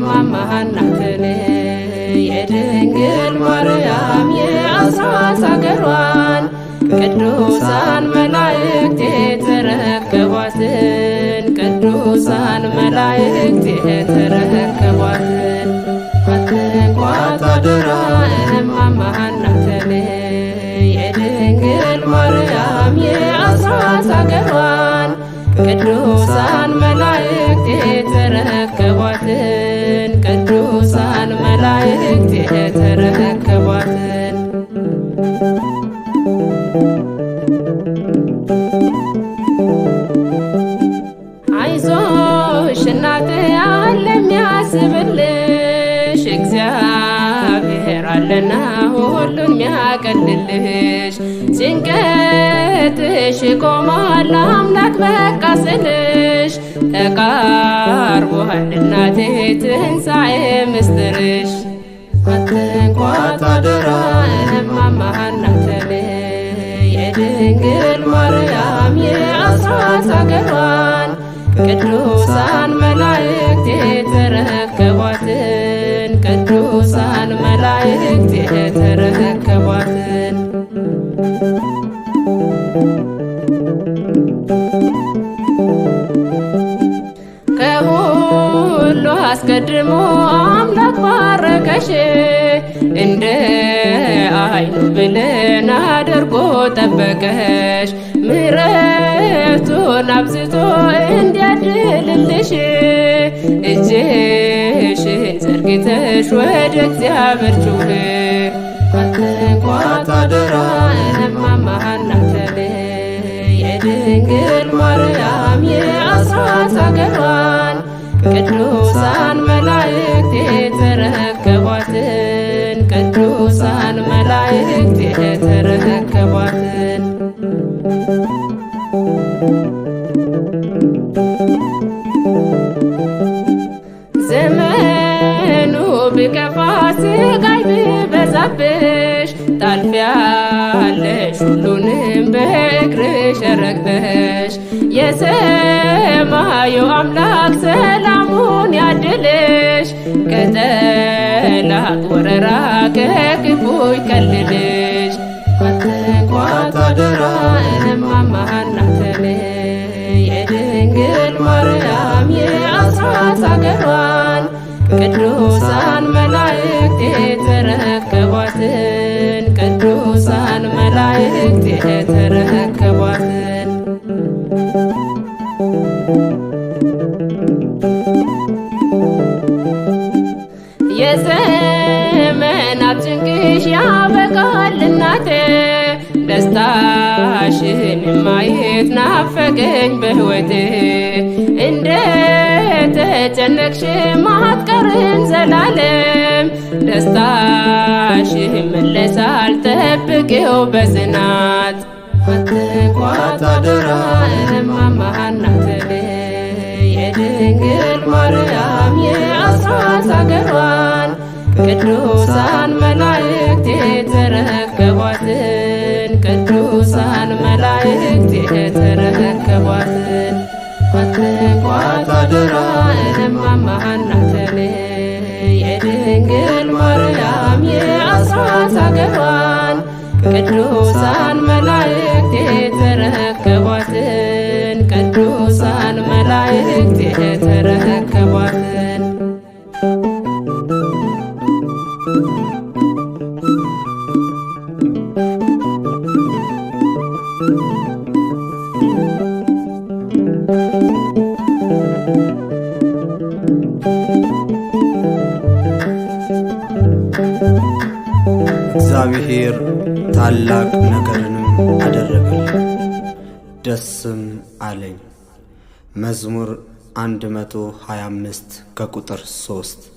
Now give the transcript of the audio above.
Mama. የድንግል ማርያም የአስራት አገሯን ቅዱሳን መላእክት የተረከቧትን ቅዱሳን መላእክት የተረከቧትን አትንኳት አደራ እማማ የድንግል ማርያም የአስራት አገሯን ቅዱሳን መላእክት የተረከቧትን ቅዱሳን መላእክት የተረከቧትን አይዞሽ እግዚአብሔር አለና ሁሉን የሚያቀልልሽ ጭንቀትሽ ቆሟል አምላክ በቃ ስልሽ ፍቅርሽ ተቃርቧል እናቴ ትንሣኤ ምስጢርሽ አትንኳት አደራ እማማ ሐናን የድንግል ማርያም የአስራት አገሯን ቅዱስ አስቀድሞ አምላክ ባረከሽ እንደ አይን ብለን አድርጎ ጠበቀሽ ምረቱን አብዝቶ እንዲያድልልሽ እጅሽን ዘርግተሽ ወደ እግዚአብሔር እማማ የድንግል ማርያም የአስራት አገሯ ቅዱሳን መላእክት የተረከቧትን ቅዱሳን መላእክት የተረከቧትን ዘመኑ ቢከፋ ስጋይ ቢበዛብሽ ታልፊያለሽ ሁሉንም በእግርሽ ረግጠሽ የሰማዩ አምላክ ሰላ። ይከልልሽ ከጠላት ወረራ ከክፉ ይከልልሽ። አትንኳት አደራ እማማ እናትን የድንግል ማርያም የአስራት አገሯን ቅዱሳን መላእክት የተረከቧትን ቅዱሳን መላእክት የተረከ ናፈቀኝ በሕይወቴ እንደ ተጨነቅሽ ማትቀርም ዘላለም ደስታሽ መለሳል ጠብቂው በጽናት አትንኳት አደራ የድንግል ማርያም የአስራት አገሯን ቅዱሳን መላእክት የተረከቧት ክቋት አደራ እማማ እናተን የድንግል ማርያም የአስራት አገሯን ቅዱሳን መላእክት የተረከቧት እግዚአብሔር ታላቅ ነገርንም አደረገልኝ፣ ደስም አለኝ። መዝሙር 125 ከቁጥር 3